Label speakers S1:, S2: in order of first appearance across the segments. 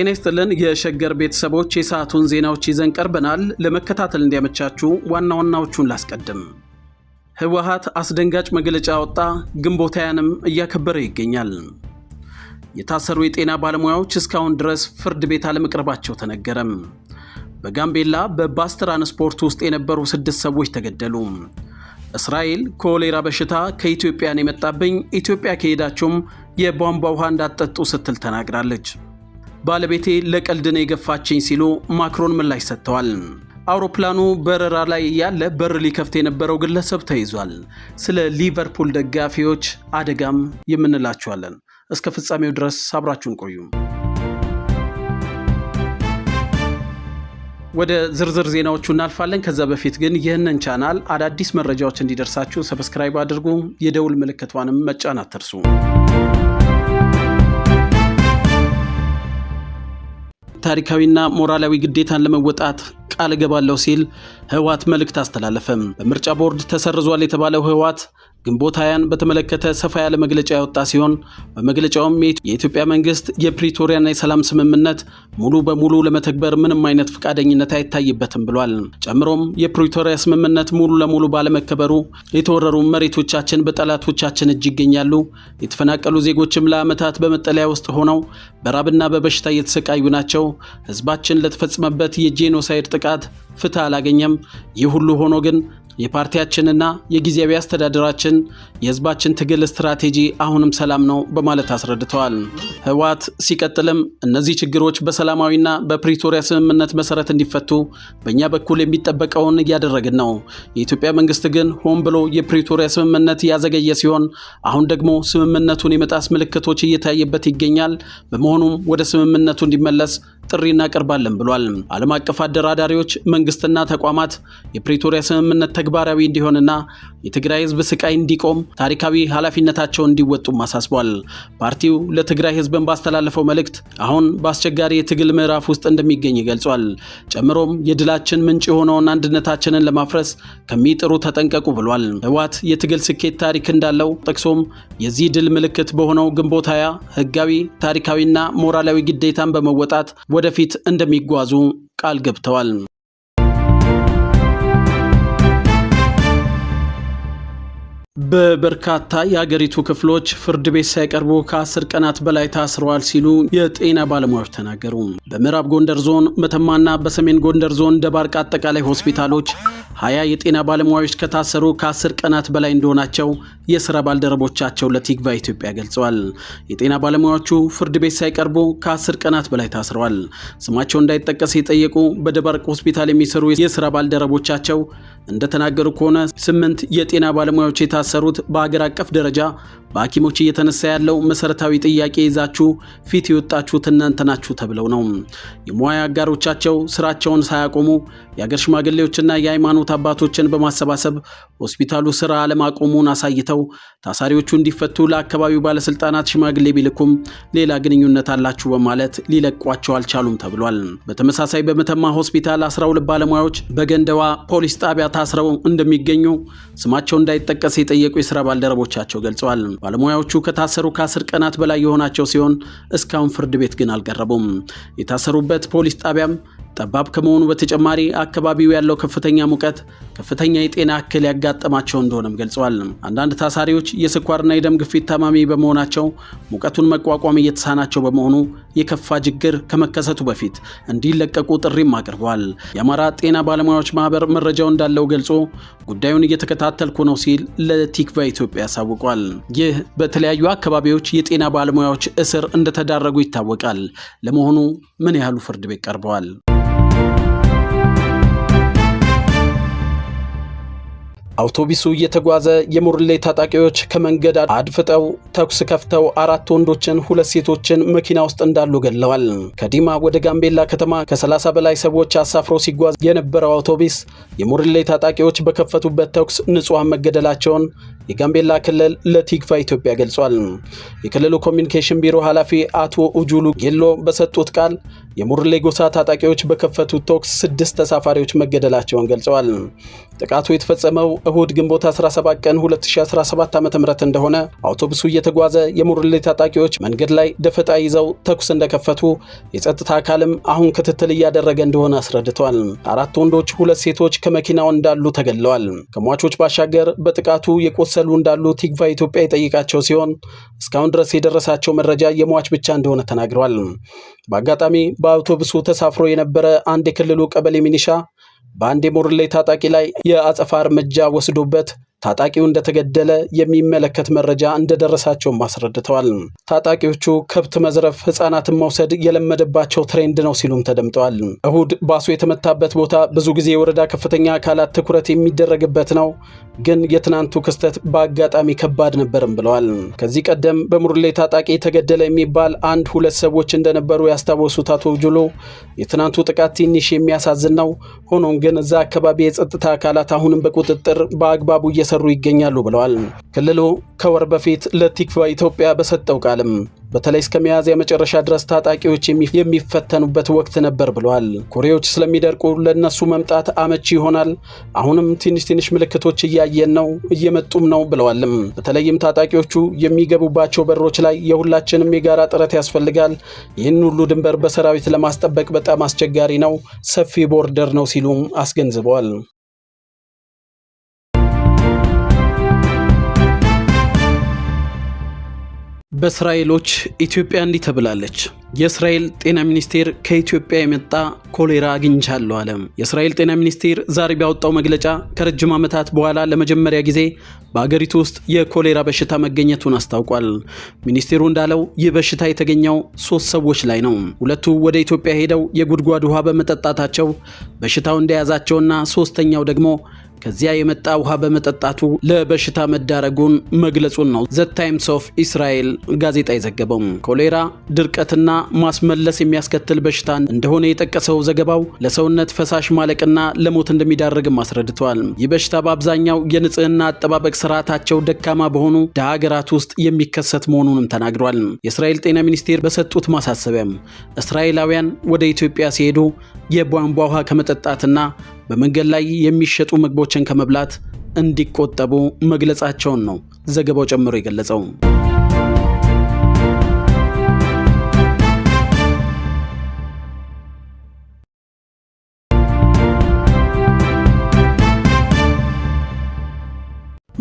S1: ጤና ይስጥልን የሸገር ቤተሰቦች፣ የሰዓቱን ዜናዎች ይዘን ቀርበናል። ለመከታተል እንዲያመቻችሁ ዋና ዋናዎቹን ላስቀድም። ህወሓት አስደንጋጭ መግለጫ አወጣ፣ ግንቦታያንም እያከበረ ይገኛል። የታሰሩ የጤና ባለሙያዎች እስካሁን ድረስ ፍርድ ቤት አለመቅረባቸው ተነገረም። በጋምቤላ በባስ ትራንስፖርት ውስጥ የነበሩ ስድስት ሰዎች ተገደሉ። እስራኤል ኮሌራ በሽታ ከኢትዮጵያን የመጣብኝ ኢትዮጵያ ከሄዳችሁም የቧንቧ ውሃ እንዳትጠጡ ስትል ተናግራለች። ባለቤቴ ለቀልድ ነው የገፋችኝ ሲሉ ማክሮን ምላሽ ሰጥተዋል። አውሮፕላኑ በረራ ላይ ያለ በር ሊከፍት የነበረው ግለሰብ ተይዟል። ስለ ሊቨርፑል ደጋፊዎች አደጋም የምንላችኋለን። እስከ ፍጻሜው ድረስ አብራችሁን ቆዩ። ወደ ዝርዝር ዜናዎቹ እናልፋለን። ከዛ በፊት ግን ይህንን ቻናል አዳዲስ መረጃዎች እንዲደርሳችሁ ሰብስክራይብ አድርጉ፣ የደውል ምልክቷንም መጫን አትርሱ። ታሪካዊና ሞራላዊ ግዴታን ለመወጣት ቃል እገባለሁ ሲል ህወሓት መልእክት አስተላለፈም። በምርጫ ቦርድ ተሰርዟል የተባለው ህወሓት ግንቦት ሃያን በተመለከተ ሰፋ ያለ መግለጫ ያወጣ ሲሆን በመግለጫውም የኢትዮጵያ መንግስት የፕሪቶሪያና የሰላም ስምምነት ሙሉ በሙሉ ለመተግበር ምንም አይነት ፈቃደኝነት አይታይበትም ብሏል። ጨምሮም የፕሪቶሪያ ስምምነት ሙሉ ለሙሉ ባለመከበሩ የተወረሩ መሬቶቻችን በጠላቶቻችን እጅ ይገኛሉ። የተፈናቀሉ ዜጎችም ለዓመታት በመጠለያ ውስጥ ሆነው በራብና በበሽታ እየተሰቃዩ ናቸው። ህዝባችን ለተፈጸመበት የጄኖሳይድ ጥቃት ፍትህ አላገኘም። ይህ ሁሉ ሆኖ ግን የፓርቲያችንና የጊዜያዊ አስተዳደራችን የህዝባችን ትግል ስትራቴጂ አሁንም ሰላም ነው በማለት አስረድተዋል። ህወሓት ሲቀጥልም እነዚህ ችግሮች በሰላማዊና በፕሪቶሪያ ስምምነት መሰረት እንዲፈቱ በእኛ በኩል የሚጠበቀውን እያደረግን ነው። የኢትዮጵያ መንግስት ግን ሆን ብሎ የፕሪቶሪያ ስምምነት ያዘገየ ሲሆን አሁን ደግሞ ስምምነቱን የመጣስ ምልክቶች እየታየበት ይገኛል። በመሆኑም ወደ ስምምነቱ እንዲመለስ ጥሪ እናቀርባለን ብሏል። ዓለም አቀፍ አደራዳሪዎች መንግስትና ተቋማት የፕሪቶሪያ ስምምነት ተግባራዊ እንዲሆንና የትግራይ ህዝብ ስቃይ እንዲቆም ታሪካዊ ኃላፊነታቸውን እንዲወጡም አሳስቧል። ፓርቲው ለትግራይ ህዝብን ባስተላለፈው መልእክት አሁን በአስቸጋሪ የትግል ምዕራፍ ውስጥ እንደሚገኝ ገልጿል። ጨምሮም የድላችን ምንጭ የሆነውን አንድነታችንን ለማፍረስ ከሚጥሩ ተጠንቀቁ ብሏል። ህወሓት የትግል ስኬት ታሪክ እንዳለው ጠቅሶም የዚህ ድል ምልክት በሆነው ግንቦት ሃያ ህጋዊ ታሪካዊና ሞራላዊ ግዴታን በመወጣት ወደፊት እንደሚጓዙ ቃል ገብተዋል። በበርካታ የአገሪቱ ክፍሎች ፍርድ ቤት ሳይቀርቡ ከአስር ቀናት በላይ ታስረዋል ሲሉ የጤና ባለሙያዎች ተናገሩ። በምዕራብ ጎንደር ዞን መተማና በሰሜን ጎንደር ዞን ደባርቅ አጠቃላይ ሆስፒታሎች ሀያ የጤና ባለሙያዎች ከታሰሩ ከአስር ቀናት በላይ እንደሆናቸው የስራ ባልደረቦቻቸው ለቲግቫ ኢትዮጵያ ገልጸዋል። የጤና ባለሙያዎቹ ፍርድ ቤት ሳይቀርቡ ከአስር ቀናት በላይ ታስረዋል። ስማቸው እንዳይጠቀስ የጠየቁ በደባርቅ ሆስፒታል የሚሰሩ የስራ ባልደረቦቻቸው እንደተናገሩ ከሆነ ስምንት የጤና ባለሙያዎች የታሰሩት በሀገር አቀፍ ደረጃ በሐኪሞች እየተነሳ ያለው መሰረታዊ ጥያቄ ይዛችሁ ፊት የወጣችሁት እናንተ ናችሁ ተብለው ነው። የሙያ አጋሮቻቸው ስራቸውን ሳያቆሙ የአገር ሽማግሌዎችና የሃይማኖት አባቶችን በማሰባሰብ ሆስፒታሉ ስራ አለማቆሙን አሳይተው ታሳሪዎቹ እንዲፈቱ ለአካባቢው ባለስልጣናት ሽማግሌ ቢልኩም ሌላ ግንኙነት አላችሁ በማለት ሊለቋቸው አልቻሉም ተብሏል። በተመሳሳይ በመተማ ሆስፒታል 12 ባለሙያዎች በገንደዋ ፖሊስ ጣቢያ ታስረው እንደሚገኙ ስማቸው እንዳይጠቀስ የጠየቁ የስራ ባልደረቦቻቸው ገልጸዋል። ባለሙያዎቹ ከታሰሩ ከአስር ቀናት በላይ የሆናቸው ሲሆን እስካሁን ፍርድ ቤት ግን አልቀረቡም። የታሰሩበት ፖሊስ ጣቢያም ጠባብ ከመሆኑ በተጨማሪ አካባቢው ያለው ከፍተኛ ሙቀት ከፍተኛ የጤና እክል ያጋጠማቸው እንደሆነም ገልጸዋል። አንዳንድ ታሳሪዎች የስኳርና የደም ግፊት ታማሚ በመሆናቸው ሙቀቱን መቋቋም እየተሳናቸው በመሆኑ የከፋ ችግር ከመከሰቱ በፊት እንዲለቀቁ ጥሪም አቅርበዋል። የአማራ ጤና ባለሙያዎች ማህበር መረጃው እንዳለው ገልጾ ጉዳዩን እየተከታተልኩ ነው ሲል ለቲክቫ ኢትዮጵያ ያሳውቋል። ይህ በተለያዩ አካባቢዎች የጤና ባለሙያዎች እስር እንደተዳረጉ ይታወቃል። ለመሆኑ ምን ያህሉ ፍርድ ቤት ቀርበዋል? አውቶቡሱ እየተጓዘ የሙርሌ ታጣቂዎች ከመንገድ አድፍጠው ተኩስ ከፍተው አራት ወንዶችን፣ ሁለት ሴቶችን መኪና ውስጥ እንዳሉ ገለዋል። ከዲማ ወደ ጋምቤላ ከተማ ከ30 በላይ ሰዎች አሳፍሮ ሲጓዝ የነበረው አውቶቡስ የሙርሌ ታጣቂዎች በከፈቱበት ተኩስ ንጹሐን መገደላቸውን የጋምቤላ ክልል ለቲግፋ ኢትዮጵያ ገልጿል። የክልሉ ኮሚኒኬሽን ቢሮ ኃላፊ አቶ ኡጁሉ ጌሎ በሰጡት ቃል የሙርሌ ጎሳ ታጣቂዎች በከፈቱት ተኩስ ስድስት ተሳፋሪዎች መገደላቸውን ገልጸዋል። ጥቃቱ የተፈጸመው እሁድ ግንቦት 17 ቀን 2017 ዓ ም እንደሆነ አውቶቡሱ እየተጓዘ የሙርሌ ታጣቂዎች መንገድ ላይ ደፈጣ ይዘው ተኩስ እንደከፈቱ የጸጥታ አካልም አሁን ክትትል እያደረገ እንደሆነ አስረድቷል። አራት ወንዶች፣ ሁለት ሴቶች ከመኪናው እንዳሉ ተገለዋል። ከሟቾች ባሻገር በጥቃቱ የቆሰ የመሰሉ እንዳሉ ቲግቫ ኢትዮጵያ የጠየቃቸው ሲሆን እስካሁን ድረስ የደረሳቸው መረጃ የሟች ብቻ እንደሆነ ተናግረዋል። በአጋጣሚ በአውቶቡሱ ተሳፍሮ የነበረ አንድ የክልሉ ቀበሌ ሚኒሻ በአንድ የሞርሌ ታጣቂ ላይ የአጸፋ እርምጃ ወስዶበት ታጣቂው እንደተገደለ የሚመለከት መረጃ እንደደረሳቸውም አስረድተዋል። ታጣቂዎቹ ከብት መዝረፍ፣ ህጻናትን መውሰድ የለመደባቸው ትሬንድ ነው ሲሉም ተደምጠዋል። እሁድ ባሱ የተመታበት ቦታ ብዙ ጊዜ የወረዳ ከፍተኛ አካላት ትኩረት የሚደረግበት ነው፣ ግን የትናንቱ ክስተት በአጋጣሚ ከባድ ነበርም ብለዋል። ከዚህ ቀደም በሙርሌ ታጣቂ ተገደለ የሚባል አንድ ሁለት ሰዎች እንደነበሩ ያስታወሱት አቶ ጁሎ የትናንቱ ጥቃት ትንሽ የሚያሳዝን ነው፣ ሆኖም ግን እዛ አካባቢ የጸጥታ አካላት አሁንም በቁጥጥር በአግባቡ እየ እየሰሩ ይገኛሉ ብለዋል። ክልሉ ከወር በፊት ለቲክቫ ኢትዮጵያ በሰጠው ቃልም በተለይ እስከ ሚያዝያ መጨረሻ ድረስ ታጣቂዎች የሚፈተኑበት ወቅት ነበር ብለዋል። ኩሬዎች ስለሚደርቁ ለእነሱ መምጣት አመቺ ይሆናል። አሁንም ትንሽ ትንሽ ምልክቶች እያየን ነው፣ እየመጡም ነው ብለዋልም። በተለይም ታጣቂዎቹ የሚገቡባቸው በሮች ላይ የሁላችንም የጋራ ጥረት ያስፈልጋል። ይህን ሁሉ ድንበር በሰራዊት ለማስጠበቅ በጣም አስቸጋሪ ነው፣ ሰፊ ቦርደር ነው ሲሉም አስገንዝበዋል። በእስራኤሎች ኢትዮጵያ እንዲህ ተብላለች። የእስራኤል ጤና ሚኒስቴር ከኢትዮጵያ የመጣ ኮሌራ አግኝቻለሁ አለም። የእስራኤል ጤና ሚኒስቴር ዛሬ ባወጣው መግለጫ ከረጅም ዓመታት በኋላ ለመጀመሪያ ጊዜ በአገሪቱ ውስጥ የኮሌራ በሽታ መገኘቱን አስታውቋል። ሚኒስቴሩ እንዳለው ይህ በሽታ የተገኘው ሶስት ሰዎች ላይ ነው። ሁለቱ ወደ ኢትዮጵያ ሄደው የጉድጓድ ውሃ በመጠጣታቸው በሽታው እንደያዛቸውና ሶስተኛው ደግሞ ከዚያ የመጣ ውሃ በመጠጣቱ ለበሽታ መዳረጉን መግለጹን ነው ዘ ታይምስ ኦፍ ኢስራኤል ጋዜጣ የዘገበው። ኮሌራ ድርቀትና ማስመለስ የሚያስከትል በሽታ እንደሆነ የጠቀሰው ዘገባው ለሰውነት ፈሳሽ ማለቅና ለሞት እንደሚዳርግም አስረድተዋል። ይህ በሽታ በአብዛኛው የንጽህና አጠባበቅ ስርዓታቸው ደካማ በሆኑ ድሃ ሀገራት ውስጥ የሚከሰት መሆኑንም ተናግሯል። የእስራኤል ጤና ሚኒስቴር በሰጡት ማሳሰቢያም እስራኤላውያን ወደ ኢትዮጵያ ሲሄዱ የቧንቧ ውሃ ከመጠጣትና በመንገድ ላይ የሚሸጡ ምግቦችን ከመብላት እንዲቆጠቡ መግለጻቸውን ነው ዘገባው ጨምሮ የገለጸው።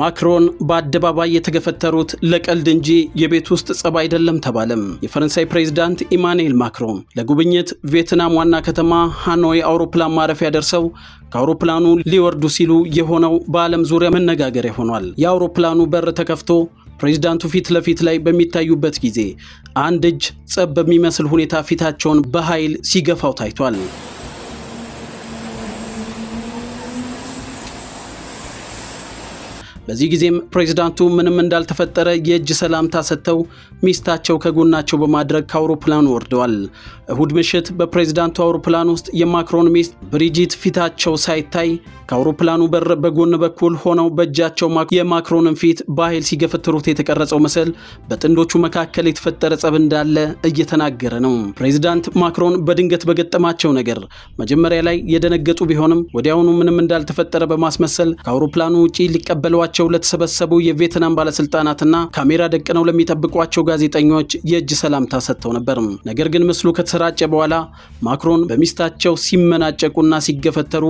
S1: ማክሮን በአደባባይ የተገፈተሩት ለቀልድ እንጂ የቤት ውስጥ ጸብ አይደለም ተባለም። የፈረንሳይ ፕሬዚዳንት ኢማኑኤል ማክሮን ለጉብኝት ቪየትናም ዋና ከተማ ሃኖይ አውሮፕላን ማረፊያ ደርሰው ከአውሮፕላኑ ሊወርዱ ሲሉ የሆነው በዓለም ዙሪያ መነጋገሪያ ሆኗል። የአውሮፕላኑ በር ተከፍቶ ፕሬዚዳንቱ ፊት ለፊት ላይ በሚታዩበት ጊዜ አንድ እጅ ጸብ በሚመስል ሁኔታ ፊታቸውን በኃይል ሲገፋው ታይቷል። በዚህ ጊዜም ፕሬዚዳንቱ ምንም እንዳልተፈጠረ የእጅ ሰላምታ ሰጥተው ሚስታቸው ከጎናቸው በማድረግ ከአውሮፕላኑ ወርደዋል። እሁድ ምሽት በፕሬዚዳንቱ አውሮፕላን ውስጥ የማክሮን ሚስት ብሪጂት ፊታቸው ሳይታይ ከአውሮፕላኑ በር በጎን በኩል ሆነው በእጃቸው የማክሮንን ፊት በኃይል ሲገፈትሩት የተቀረጸው ምስል በጥንዶቹ መካከል የተፈጠረ ጸብ እንዳለ እየተናገረ ነው። ፕሬዚዳንት ማክሮን በድንገት በገጠማቸው ነገር መጀመሪያ ላይ የደነገጡ ቢሆንም ወዲያውኑ ምንም እንዳልተፈጠረ በማስመሰል ከአውሮፕላኑ ውጪ ሊቀበሏቸው በዙሪያቸው ለተሰበሰቡ የቪየትናም ባለስልጣናትና ካሜራ ደቅነው ለሚጠብቋቸው ጋዜጠኞች የእጅ ሰላምታ ሰጥተው ነበር። ነገር ግን ምስሉ ከተሰራጨ በኋላ ማክሮን በሚስታቸው ሲመናጨቁና ሲገፈተሩ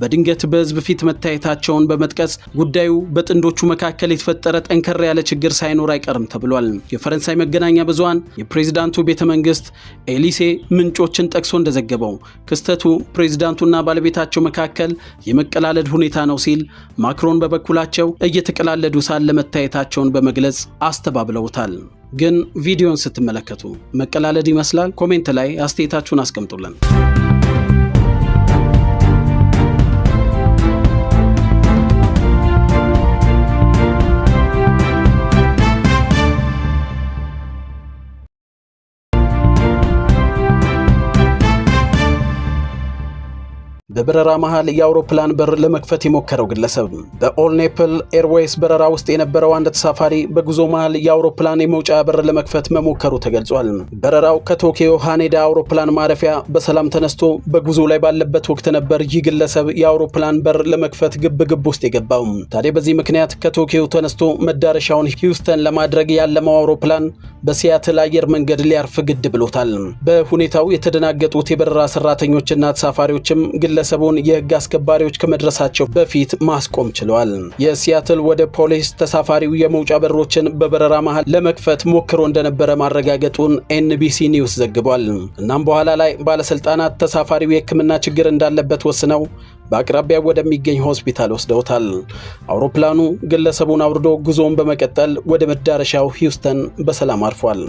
S1: በድንገት በህዝብ ፊት መታየታቸውን በመጥቀስ ጉዳዩ በጥንዶቹ መካከል የተፈጠረ ጠንከር ያለ ችግር ሳይኖር አይቀርም ተብሏል። የፈረንሳይ መገናኛ ብዙሃን የፕሬዚዳንቱ ቤተ መንግስት ኤሊሴ ምንጮችን ጠቅሶ እንደዘገበው ክስተቱ ፕሬዚዳንቱና ባለቤታቸው መካከል የመቀላለድ ሁኔታ ነው ሲል ማክሮን በበኩላቸው እየተቀላለዱ ሳለ መታየታቸውን በመግለጽ አስተባብለውታል። ግን ቪዲዮን ስትመለከቱ መቀላለድ ይመስላል? ኮሜንት ላይ አስተያየታችሁን አስቀምጡልን። በበረራ መሃል የአውሮፕላን በር ለመክፈት የሞከረው ግለሰብ በኦል ኔፕል ኤርዌይስ በረራ ውስጥ የነበረው አንድ ተሳፋሪ በጉዞ መሃል የአውሮፕላን የመውጫ በር ለመክፈት መሞከሩ ተገልጿል። በረራው ከቶኪዮ ሃኔዳ አውሮፕላን ማረፊያ በሰላም ተነስቶ በጉዞ ላይ ባለበት ወቅት ነበር ይህ ግለሰብ የአውሮፕላን በር ለመክፈት ግብ ግብ ውስጥ የገባው። ታዲያ በዚህ ምክንያት ከቶኪዮ ተነስቶ መዳረሻውን ሂውስተን ለማድረግ ያለመው አውሮፕላን በሲያትል አየር መንገድ ሊያርፍ ግድ ብሎታል። በሁኔታው የተደናገጡት የበረራ ሰራተኞችና ተሳፋሪዎችም ግለ ግለሰቡን የህግ አስከባሪዎች ከመድረሳቸው በፊት ማስቆም ችለዋል። የሲያትል ወደ ፖሊስ ተሳፋሪው የመውጫ በሮችን በበረራ መሃል ለመክፈት ሞክሮ እንደነበረ ማረጋገጡን ኤንቢሲ ኒውስ ዘግቧል። እናም በኋላ ላይ ባለስልጣናት ተሳፋሪው የህክምና ችግር እንዳለበት ወስነው በአቅራቢያው ወደሚገኝ ሆስፒታል ወስደውታል። አውሮፕላኑ ግለሰቡን አውርዶ ጉዞውን በመቀጠል ወደ መዳረሻው ሂውስተን በሰላም አርፏል።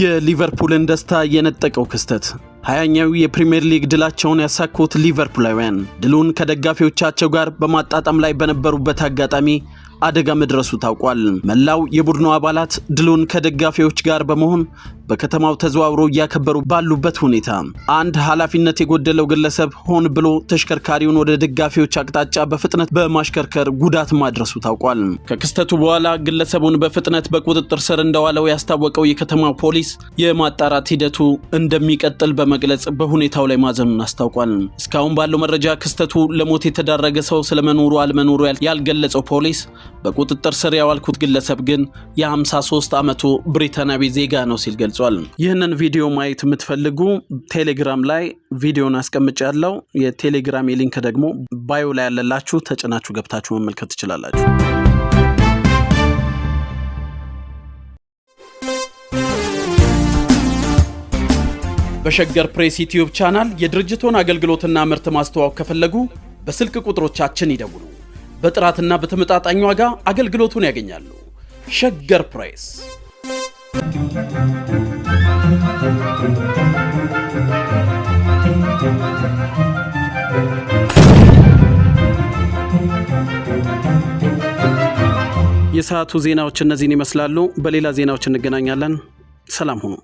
S1: የሊቨርፑልን ደስታ የነጠቀው ክስተት ሀያኛው የፕሪምየር ሊግ ድላቸውን ያሳኩት ሊቨርፑላውያን ድሉን ከደጋፊዎቻቸው ጋር በማጣጣም ላይ በነበሩበት አጋጣሚ አደጋ መድረሱ ታውቋል። መላው የቡድኑ አባላት ድሉን ከደጋፊዎች ጋር በመሆን በከተማው ተዘዋውሮ እያከበሩ ባሉበት ሁኔታ አንድ ኃላፊነት የጎደለው ግለሰብ ሆን ብሎ ተሽከርካሪውን ወደ ደጋፊዎች አቅጣጫ በፍጥነት በማሽከርከር ጉዳት ማድረሱ ታውቋል። ከክስተቱ በኋላ ግለሰቡን በፍጥነት በቁጥጥር ስር እንደዋለው ያስታወቀው የከተማው ፖሊስ የማጣራት ሂደቱ እንደሚቀጥል በመ በመግለጽ በሁኔታው ላይ ማዘኑን አስታውቋል። እስካሁን ባለው መረጃ ክስተቱ ለሞት የተዳረገ ሰው ስለመኖሩ አለመኖሩ ያልገለጸው ፖሊስ በቁጥጥር ስር ያዋልኩት ግለሰብ ግን የ53 ዓመቱ ብሪታናዊ ዜጋ ነው ሲል ገልጿል። ይህንን ቪዲዮ ማየት የምትፈልጉ ቴሌግራም ላይ ቪዲዮን አስቀምጭ ያለው የቴሌግራም የሊንክ ደግሞ ባዮ ላይ ያለላችሁ ተጭናችሁ ገብታችሁ መመልከት ትችላላችሁ። በሸገር ፕሬስ ዩቲዩብ ቻናል የድርጅቱን አገልግሎትና ምርት ማስተዋወቅ ከፈለጉ በስልክ ቁጥሮቻችን ይደውሉ። በጥራትና በተመጣጣኝ ዋጋ አገልግሎቱን ያገኛሉ። ሸገር ፕሬስ። የሰዓቱ ዜናዎች እነዚህን ይመስላሉ። በሌላ ዜናዎች እንገናኛለን። ሰላም ሁኑ።